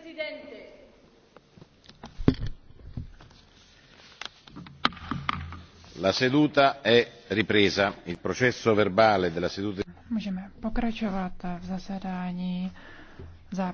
Presidente. La seduta è ripresa. Il processo verbale della seduta... Můžeme pokračovat v zasedání.